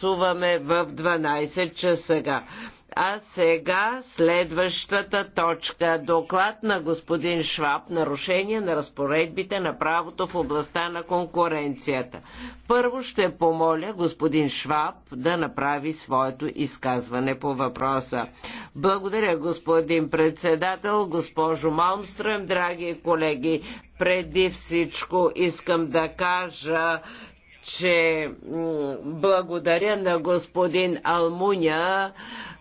гласуваме в 12 часа. А сега следващата точка. Доклад на господин Шваб. Нарушение на разпоредбите на правото в областта на конкуренцията. Първо ще помоля господин Шваб да направи своето изказване по въпроса. Благодаря, господин председател, госпожо Малмстрем, драги колеги преди всичко искам да кажа, че благодаря на господин Алмуня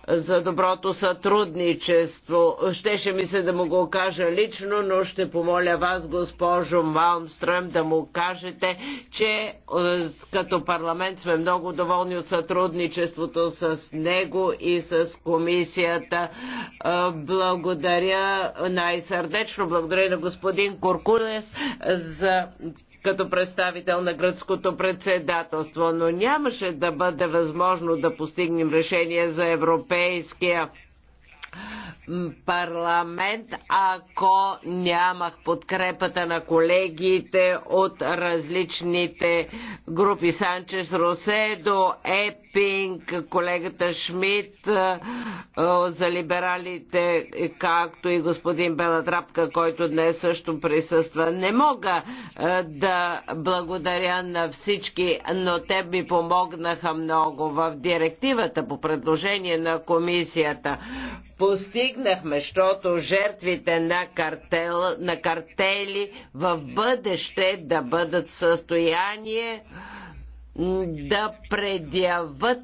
за доброто сътрудничество. Щеше ми се да му го кажа лично, но ще помоля вас, госпожо Малмстрем, да му кажете, че е, като парламент сме много доволни от сътрудничеството с него и с комисията. Е, благодаря най-сърдечно, благодаря на господин Куркулес за като представител на гръцкото председателство, но нямаше да бъде възможно да постигнем решение за европейския парламент, ако нямах подкрепата на колегите от различните групи. Санчес Роседо, Епинг, колегата Шмидт е, за либералите, както и господин Белатрапка, който днес също присъства. Не мога е, да благодаря на всички, но те ми помогнаха много. В директивата по предложение на комисията постиг постигнахме, защото жертвите на, картел, на картели в бъдеще да бъдат в състояние да предяват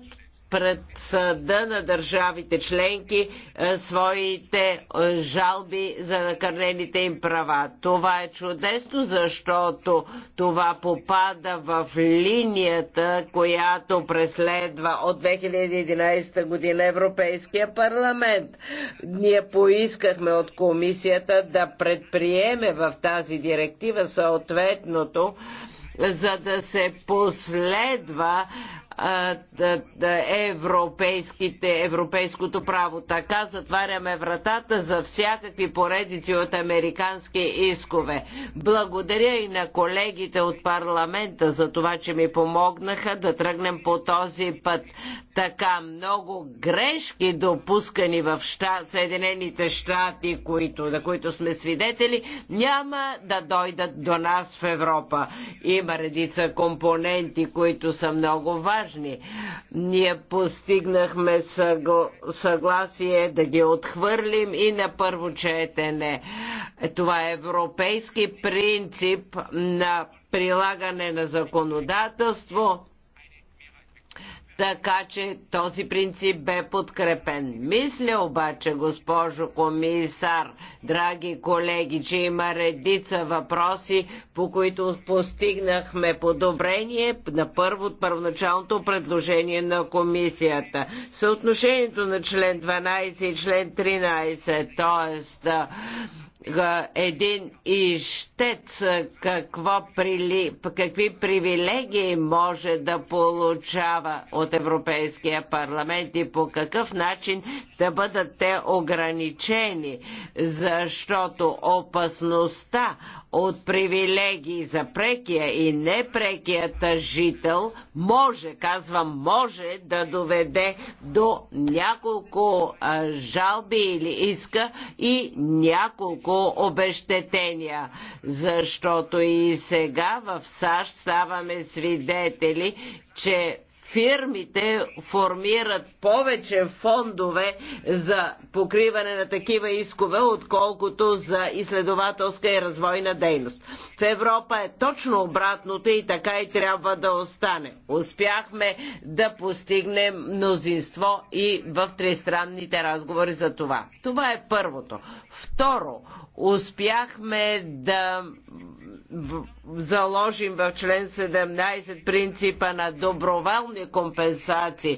пред съда на държавите членки е, своите е, жалби за накърнените им права. Това е чудесно, защото това попада в линията, която преследва от 2011 година Европейския парламент. Ние поискахме от комисията да предприеме в тази директива съответното за да се последва е европейските, европейското право. Така затваряме вратата за всякакви поредици от американски искове. Благодаря и на колегите от парламента за това, че ми помогнаха да тръгнем по този път. Така много грешки допускани в щат, Съединените щати, които, на които сме свидетели, няма да дойдат до нас в Европа. Има редица компоненти, които са много важни важни. Ние постигнахме съгл... съгласие да ги отхвърлим и на първо четене. Това е европейски принцип на прилагане на законодателство така че този принцип бе подкрепен. Мисля обаче, госпожо комисар, драги колеги, че има редица въпроси, по които постигнахме подобрение на първо от първоначалното предложение на комисията. Съотношението на член 12 и член 13, т.е един ищец какво прили, какви привилегии може да получава от Европейския парламент и по какъв начин да бъдат те ограничени, защото опасността от привилегии за прекия и непрекият жител може, казвам, може да доведе до няколко жалби или иска и няколко по обещетения, защото и сега в САЩ ставаме свидетели, че фирмите формират повече фондове за покриване на такива искове, отколкото за изследователска и развойна дейност. В Европа е точно обратното и така и трябва да остане. Успяхме да постигнем мнозинство и в тристранните разговори за това. Това е първото. Второ, успяхме да заложим в член 17 принципа на доброволни социални компенсации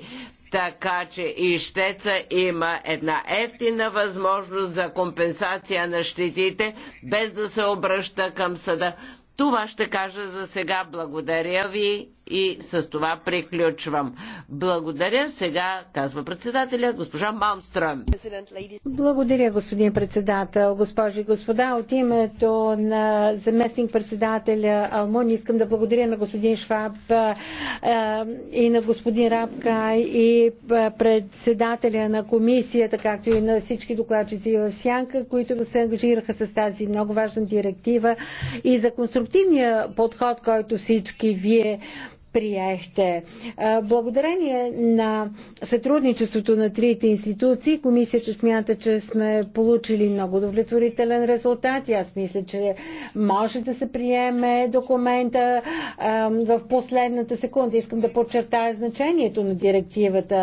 така че и щеца има една ефтина възможност за компенсация на щетите, без да се обръща към съда. Това ще кажа за сега. Благодаря ви и с това приключвам. Благодаря сега, казва председателя, госпожа Малмстрън. Благодаря, господин председател. Госпожи и господа, от името на заместник председателя Алмон искам да благодаря на господин Шваб и на господин Рапка и председателя на комисията, както и на всички докладчици в Сянка, които се ангажираха с тази много важна директива и за конструктивния подход, който всички вие приехте. Благодарение на сътрудничеството на трите институции, комисията смята, че сме получили много удовлетворителен резултат и аз мисля, че може да се приеме документа в последната секунда. Искам да подчертая значението на директивата.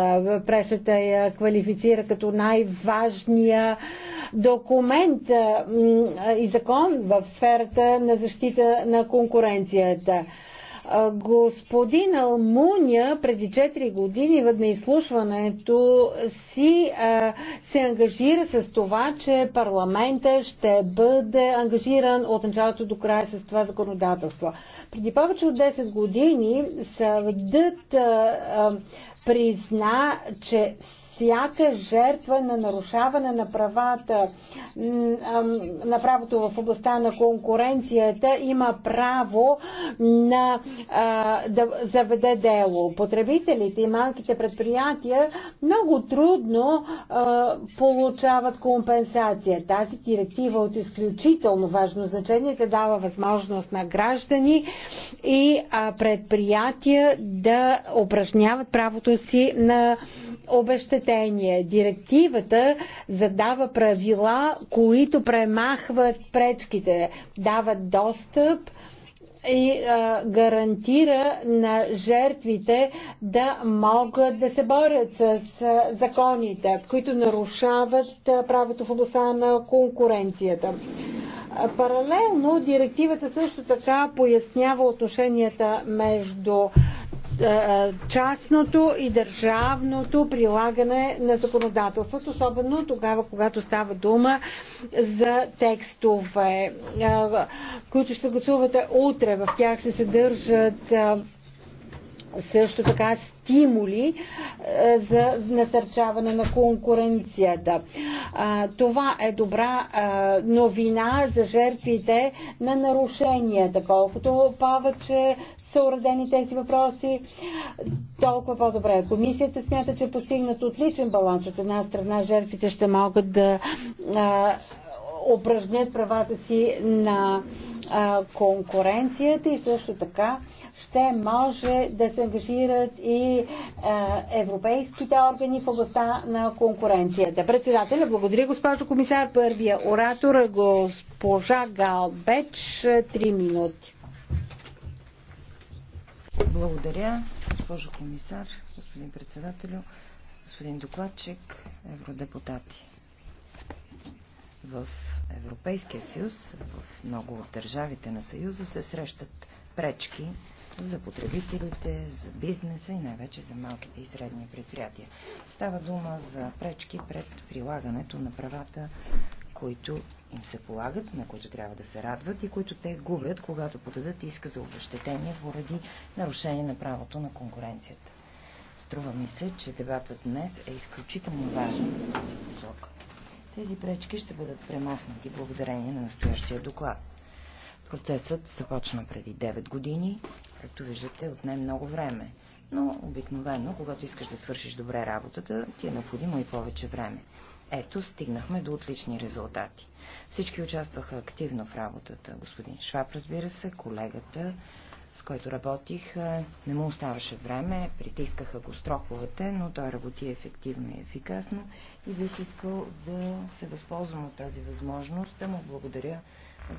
Прешата я квалифицира като най-важния документ и закон в сферата на защита на конкуренцията. Господин Алмуня преди 4 години на изслушването си се ангажира с това, че парламента ще бъде ангажиран от началото до края с това законодателство. Преди повече от 10 години съдът призна, че всяка жертва на нарушаване на правата, на правото в областта на конкуренцията има право на, да заведе дело. Потребителите и малките предприятия много трудно получават компенсация. Тази директива от изключително важно значение те дава възможност на граждани и предприятия да упражняват правото си на обещетение съобщение. Директивата задава правила, които премахват пречките, дават достъп и а, гарантира на жертвите да могат да се борят с а, законите, които нарушават а, правото в областта на конкуренцията. А, паралелно директивата също така пояснява отношенията между а, е, е, частното и държавното прилагане на законодателството, особено тогава, когато става дума за текстове, е, които ще гласувате утре. В тях се съдържат също така стимули за насърчаване на конкуренцията. Това е добра новина за жертвите на нарушенията. Колкото повече са уредени тези въпроси, толкова по-добре. Е. Комисията смята, че е постигнат отличен баланс. От една страна жертвите ще могат да а, упражнят правата си на а, конкуренцията и също така ще може да се ангажират и а, европейските органи в областта на конкуренцията. Председателя, благодаря госпожо комисар. Първия оратор, е госпожа Галбеч, Три минути. Благодаря, госпожо комисар, господин председателю, господин докладчик, евродепутати. В Европейския съюз, в много от държавите на съюза се срещат пречки за потребителите, за бизнеса и най-вече за малките и средни предприятия. Става дума за пречки пред прилагането на правата които им се полагат, на които трябва да се радват и които те губят, когато подадат иска за обещетение поради нарушение на правото на конкуренцията. Струва ми се, че дебатът днес е изключително важен в тази посока. Тези пречки ще бъдат премахнати благодарение на настоящия доклад. Процесът започна преди 9 години, както виждате, отне много време. Но обикновено, когато искаш да свършиш добре работата, ти е необходимо и повече време. Ето, стигнахме до отлични резултати. Всички участваха активно в работата. Господин Шваб, разбира се, колегата, с който работих, не му оставаше време, притискаха го строховете, но той работи ефективно и ефикасно и бих искал да се възползвам от тази възможност, да му благодаря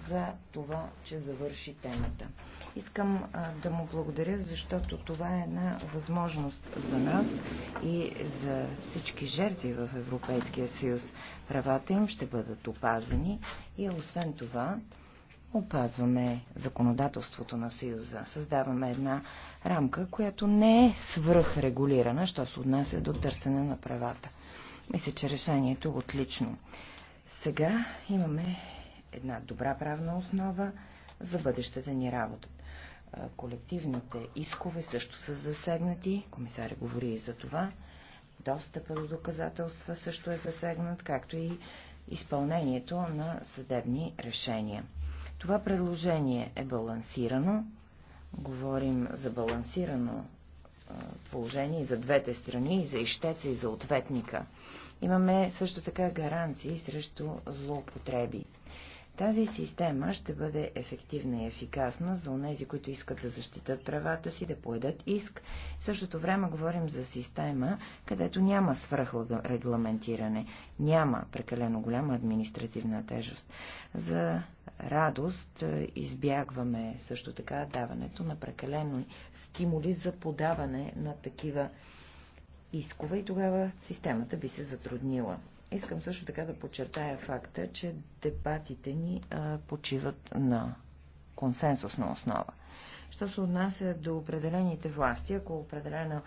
за това, че завърши темата. Искам а, да му благодаря, защото това е една възможност за нас и за всички жертви в Европейския съюз. Правата им ще бъдат опазени и освен това опазваме законодателството на Съюза. Създаваме една рамка, която не е свръхрегулирана, що се отнася до търсене на правата. Мисля, че решението е отлично. Сега имаме една добра правна основа за бъдещата ни работа. Колективните искове също са засегнати. Комисаря говори и за това. Достъпа до доказателства също е засегнат, както и изпълнението на съдебни решения. Това предложение е балансирано. Говорим за балансирано положение и за двете страни, и за ищеца, и за ответника. Имаме също така гаранции срещу злоупотреби. Тази система ще бъде ефективна и ефикасна за онези, които искат да защитат правата си, да поедат иск. В същото време говорим за система, където няма свръхрегламентиране, няма прекалено голяма административна тежест. За радост е, избягваме също така даването на прекалено стимули за подаване на такива искове и тогава системата би се затруднила. Искам също така да подчертая факта, че дебатите ни а, почиват на консенсусна основа. Що се отнася до определените власти, ако определена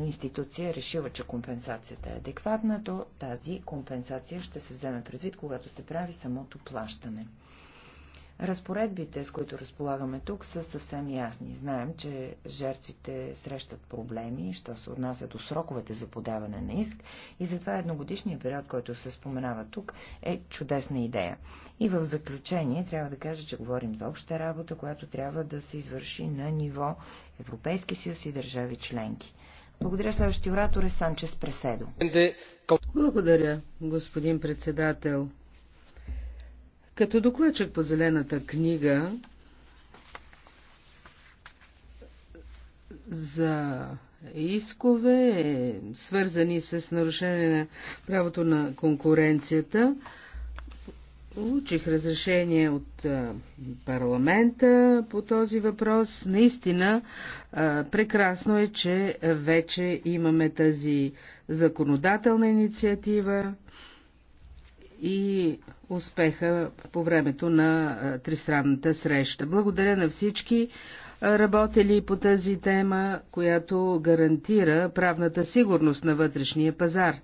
институция решила, че компенсацията е адекватна, то тази компенсация ще се вземе предвид, когато се прави самото плащане. Разпоредбите, с които разполагаме тук, са съвсем ясни. Знаем, че жертвите срещат проблеми, що се отнася до сроковете за подаване на иск и затова едногодишният период, който се споменава тук, е чудесна идея. И в заключение трябва да кажа, че говорим за обща работа, която трябва да се извърши на ниво Европейски съюз и държави членки. Благодаря. Следващия оратор е Санчес Преседо. Благодаря, господин председател. Като докладчик по Зелената книга за искове, свързани с нарушение на правото на конкуренцията, Получих разрешение от парламента по този въпрос. Наистина прекрасно е, че вече имаме тази законодателна инициатива и успеха по времето на тристранната среща. Благодаря на всички работили по тази тема, която гарантира правната сигурност на вътрешния пазар.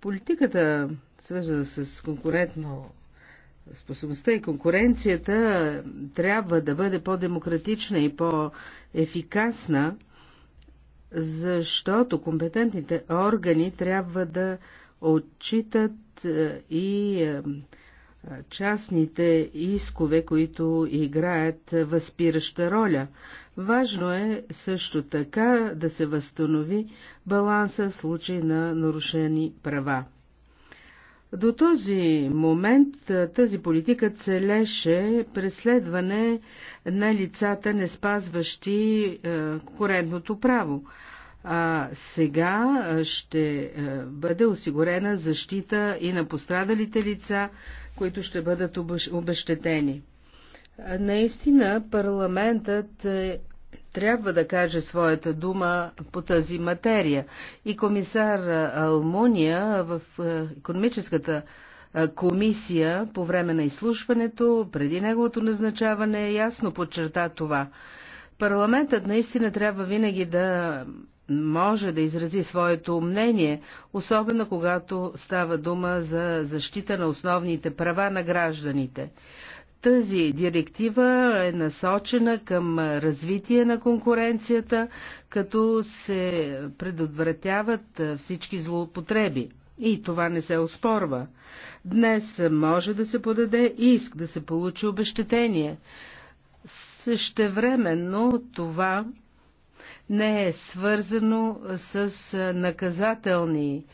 Политиката свързана с конкурентно способността и конкуренцията трябва да бъде по-демократична и по-ефикасна, защото компетентните органи трябва да отчитат е, и е, частните искове, които играят възпираща роля. Важно е също така да се възстанови баланса в случай на нарушени права. До този момент тази политика целеше преследване на лицата, не спазващи коренното право. А сега ще бъде осигурена защита и на пострадалите лица, които ще бъдат обещетени. Наистина парламентът е трябва да каже своята дума по тази материя. И комисар Алмуния в е, економическата е, комисия по време на изслушването, преди неговото назначаване, ясно подчерта това. Парламентът наистина трябва винаги да може да изрази своето мнение, особено когато става дума за защита на основните права на гражданите. Тази директива е насочена към развитие на конкуренцията, като се предотвратяват всички злоупотреби. И това не се оспорва. Днес може да се подаде иск да се получи обещетение. Същевременно това не е свързано с наказателни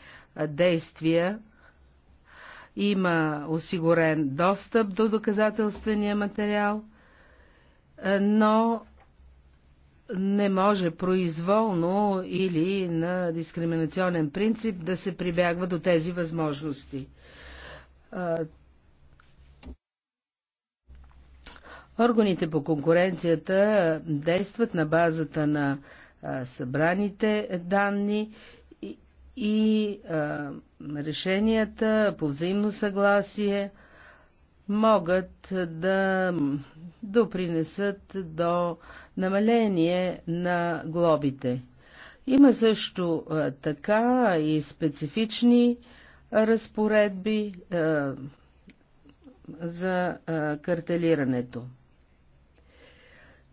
действия има осигурен достъп до доказателствения материал, е, но не може произволно или на дискриминационен принцип да се прибягва до тези възможности. Е, органите по конкуренцията действат на базата на е, събраните данни и а, решенията по взаимно съгласие могат да допринесат до намаление на глобите. Има също а, така и специфични разпоредби а, за а, картелирането.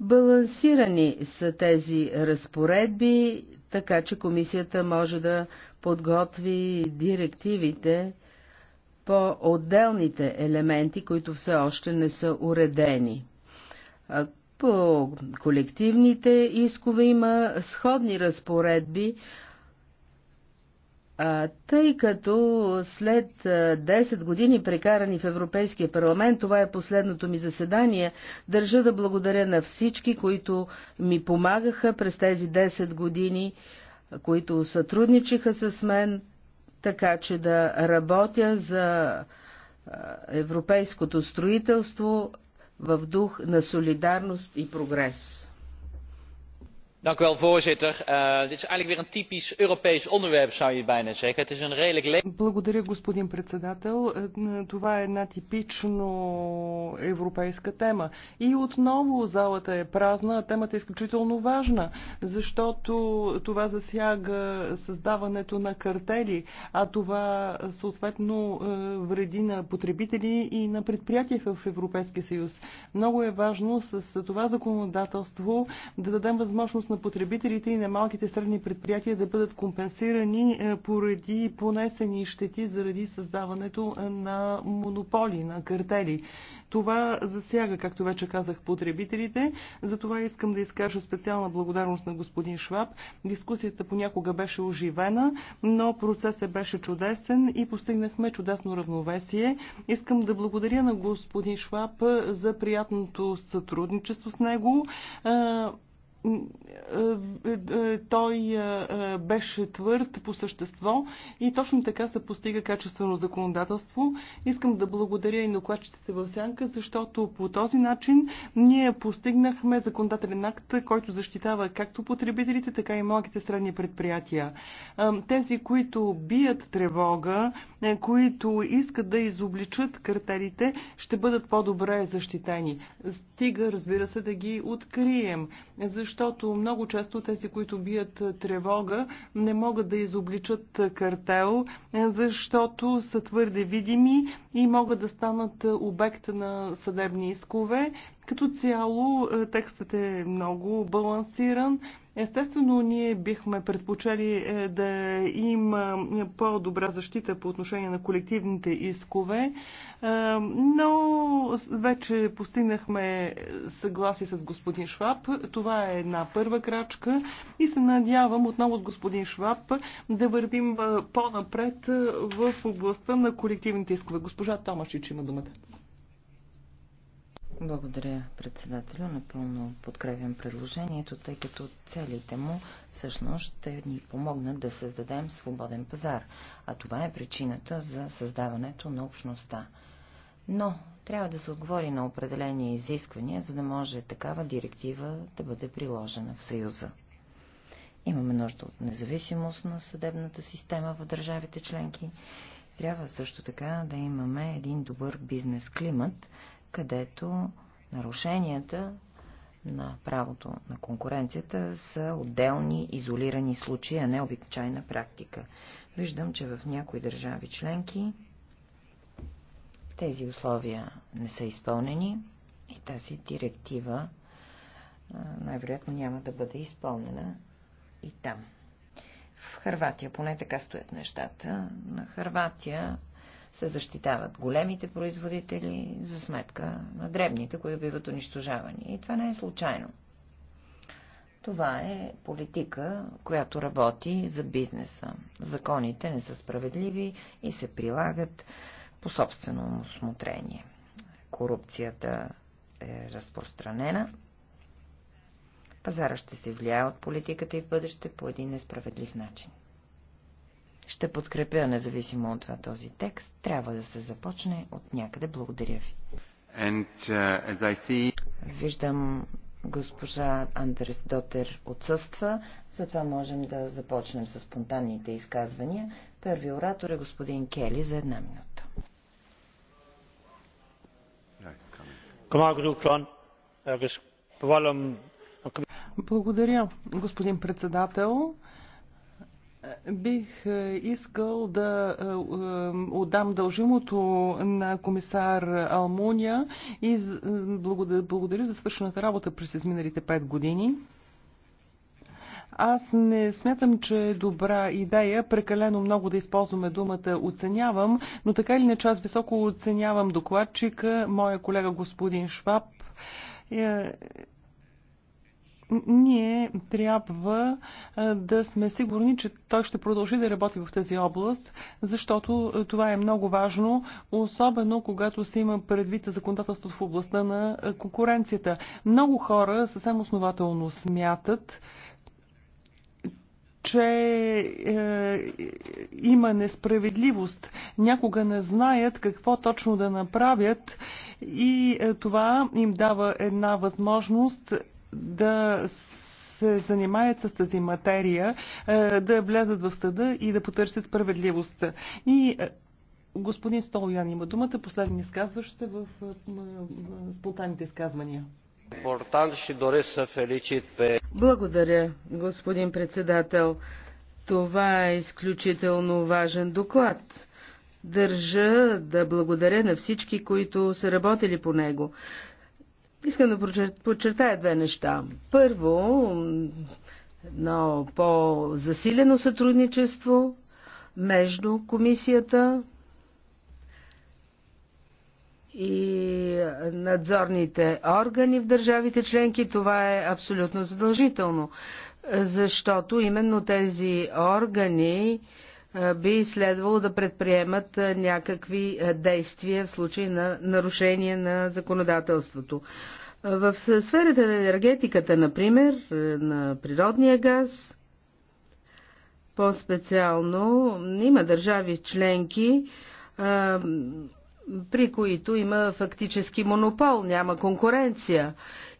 Балансирани са тези разпоредби, така че комисията може да подготви директивите по отделните елементи, които все още не са уредени. По колективните искове има сходни разпоредби, тъй като след 10 години прекарани в Европейския парламент, това е последното ми заседание, държа да благодаря на всички, които ми помагаха през тези 10 години които сътрудничиха с мен, така че да работя за европейското строителство в дух на солидарност и прогрес. Благодаря, господин председател. Е, това е една типично европейска тема. И отново залата е празна, а темата е изключително важна, защото това засяга създаването на картели, а това съответно е, вреди на потребители и на предприятия в Европейския съюз. Много е важно с това законодателство да дадем възможност на потребителите и на малките средни предприятия да бъдат компенсирани е, поради понесени щети заради създаването е, на монополи, на картели. Това засяга, както вече казах, потребителите. Затова искам да изкажа специална благодарност на господин Шваб. Дискусията понякога беше оживена, но процесът беше чудесен и постигнахме чудесно равновесие. Искам да благодаря на господин Шваб за приятното сътрудничество с него. Е, той е, е, беше твърд по същество и точно така се постига качествено законодателство. Искам да благодаря и на докладчиците в Сянка, защото по този начин ние постигнахме законодателен акт, който защитава както потребителите, така и малките средни предприятия. Е, тези, които бият тревога, които искат да изобличат картелите, ще бъдат по-добре защитени. Стига, разбира се, да ги открием. Защо защото много често тези, които бият тревога, не могат да изобличат картел, защото са твърде видими и могат да станат обект на съдебни искове. Като цяло е, текстът е много балансиран Естествено, ние бихме предпочели е, да има по-добра защита по отношение на колективните искове, е, но вече постигнахме съгласие с господин Шваб. Това е една първа крачка и се надявам отново от господин Шваб да вървим е, по-напред в областта на колективните искове. Госпожа Томашич има думата. Благодаря, председателю. Напълно подкрепям предложението, тъй като целите му всъщност ще ни помогнат да създадем свободен пазар, а това е причината за създаването на общността. Но трябва да се отговори на определени изисквания, за да може такава директива да бъде приложена в Съюза. Имаме нужда от независимост на съдебната система в държавите членки. Трябва също така да имаме един добър бизнес климат, където нарушенията на правото на конкуренцията са отделни, изолирани случаи, а не обичайна практика. Виждам, че в някои държави членки тези условия не са изпълнени и тази директива най-вероятно няма да бъде изпълнена и там. В Харватия поне така стоят нещата. На Харватия се защитават големите производители за сметка на дребните, които биват унищожавани. И това не е случайно. Това е политика, която работи за бизнеса. Законите не са справедливи и се прилагат по собствено усмотрение. Корупцията е разпространена. Пазара ще се влияе от политиката и в бъдеще по един несправедлив начин. Ще подкрепя, независимо от това, този текст. Трябва да се започне от някъде. Благодаря ви. And, uh, as I see... Виждам госпожа Андрес Дотер отсъства, затова можем да започнем с спонтанните изказвания. Първи оратор е господин Кели за една минута. Е, Благодаря, господин председател. Бих е, искал да е, е, отдам дължимото на комисар Алмуния и благодаря за свършената работа през изминалите 5 години. Аз не смятам, че е добра идея прекалено много да използваме думата оценявам, но така или иначе аз високо оценявам докладчика, моя колега господин Шваб ние трябва да сме сигурни, че той ще продължи да работи в тази област, защото това е много важно, особено когато се има предвид законодателството в областта на конкуренцията. Много хора съвсем основателно смятат, че е, има несправедливост. Някога не знаят какво точно да направят и е, това им дава една възможност да се занимаят с тази материя, е, да влязат в съда и да потърсят справедливост. И е, господин Столоян има думата, последни изказващ в е, спонтанните изказвания. Благодаря, господин председател. Това е изключително важен доклад. Държа да благодаря на всички, които са работили по него. Искам да подчертая две неща. Първо, едно по-засилено сътрудничество между комисията и надзорните органи в държавите членки. Това е абсолютно задължително, защото именно тези органи би следвало да предприемат някакви действия в случай на нарушение на законодателството. В сферата на енергетиката, например, на природния газ, по-специално има държави членки, при които има фактически монопол, няма конкуренция.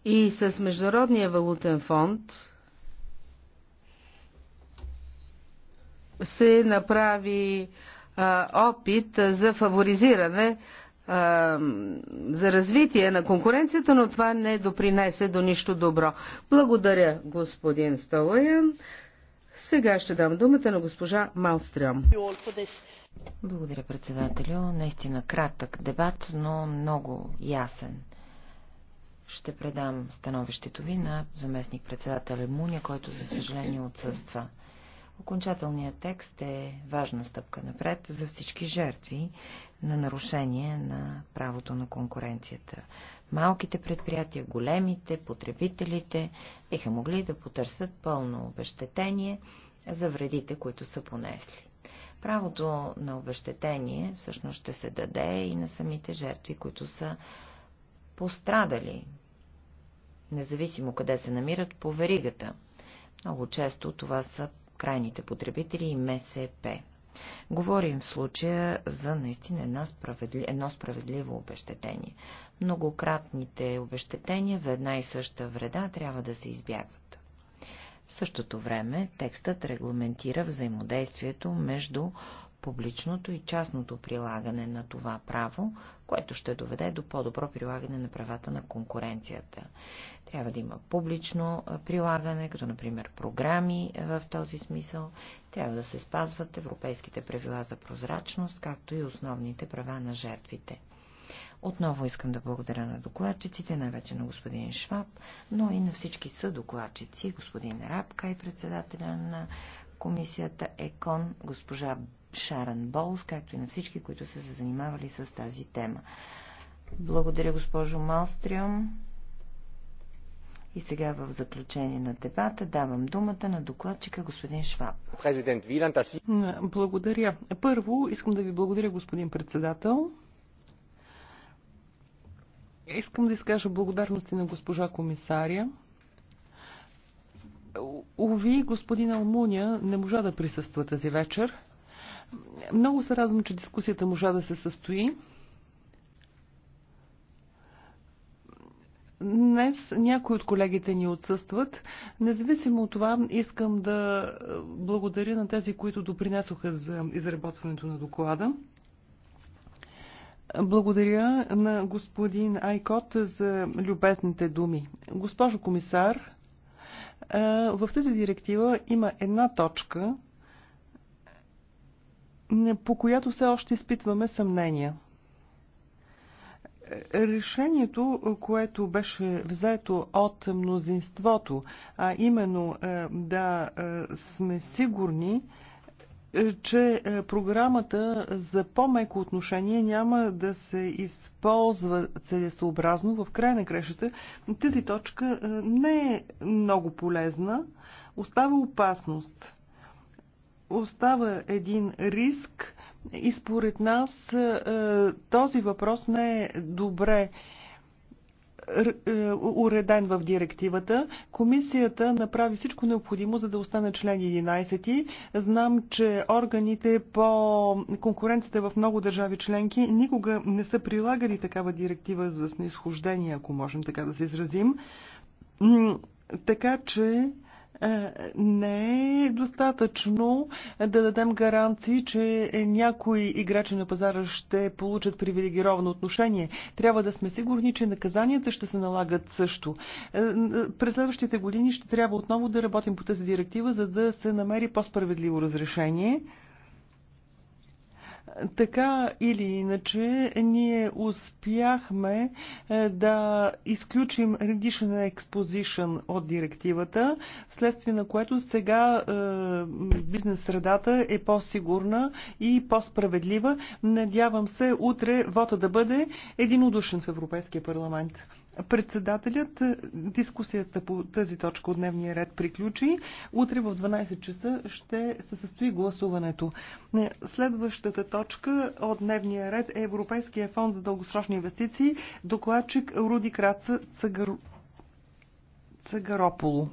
И с Международния валутен фонд се направи опит за фаворизиране за развитие на конкуренцията, но това не допринесе до нищо добро. Благодаря, господин Сталоян. Сега ще дам думата на госпожа Малстрем. Благодаря, председателю. Наистина кратък дебат, но много ясен. Ще предам становището ви на заместник председателя Муня, който за съжаление отсъства. Окончателният текст е важна стъпка напред за всички жертви на нарушение на правото на конкуренцията. Малките предприятия, големите, потребителите биха могли да потърсят пълно обещетение за вредите, които са понесли. Правото на обещетение всъщност ще се даде и на самите жертви, които са пострадали, независимо къде се намират по веригата. Много често това са крайните потребители и МСП. Говорим в случая за наистина една справедли... едно справедливо обещетение. Многократните обещетения за една и съща вреда трябва да се избягват. В същото време текстът регламентира взаимодействието между публичното и частното прилагане на това право, което ще доведе до по-добро прилагане на правата на конкуренцията. Трябва да има публично прилагане, като например програми е, в този смисъл. Трябва да се спазват европейските правила за прозрачност, както и основните права на жертвите. Отново искам да благодаря на докладчиците, най-вече на господин Шваб, но и на всички съдокладчици, господин Рапка и председателя на комисията ЕКОН, госпожа Шаран Болс, както и на всички, които са се занимавали с тази тема. Благодаря, госпожо Малстриум. И сега в заключение на дебата давам думата на докладчика господин Шваб. Президент Вилан, аз... Благодаря. Първо искам да ви благодаря, господин председател. Искам да изкажа благодарности на госпожа комисаря. Уви, господин Алмуня не можа да присъства тази вечер. Много се радвам, че дискусията можа да се състои. Днес някои от колегите ни отсъстват. Независимо от това, искам да благодаря на тези, които допринесоха за изработването на доклада. Благодаря на господин Айкот за любезните думи. Госпожо комисар, в тази директива има една точка, по която все още изпитваме съмнения. Решението, което беше взето от мнозинството, а именно е, да е, сме сигурни, е, че програмата за по-меко отношение няма да се използва целесообразно в края на грешата. Тази точка не е много полезна. Остава опасност – остава един риск и според нас е, този въпрос не е добре е, е, уреден в директивата. Комисията направи всичко необходимо, за да остане член 11. Знам, че органите по конкуренцията в много държави членки никога не са прилагали такава директива за снисхождение, ако можем така да се изразим. Така че е, не е достатъчно да дадем гаранции, че някои играчи на пазара ще получат привилегировано отношение. Трябва да сме сигурни, че наказанията ще се налагат също. Е, е, през следващите години ще трябва отново да работим по тази директива, за да се намери по-справедливо разрешение. Така или иначе, ние успяхме е, да изключим Rendition Exposition от директивата, следствие на което сега е, бизнес средата е по-сигурна и по-справедлива. Надявам се утре вота да бъде единодушен в Европейския парламент. Председателят е, дискусията по тази точка от дневния ред приключи. Утре в 12 часа ще се състои гласуването. Е, следващата точка от дневния ред е Европейския фонд за дългосрочни инвестиции. Докладчик Руди Краца Цагар... Цагарополо.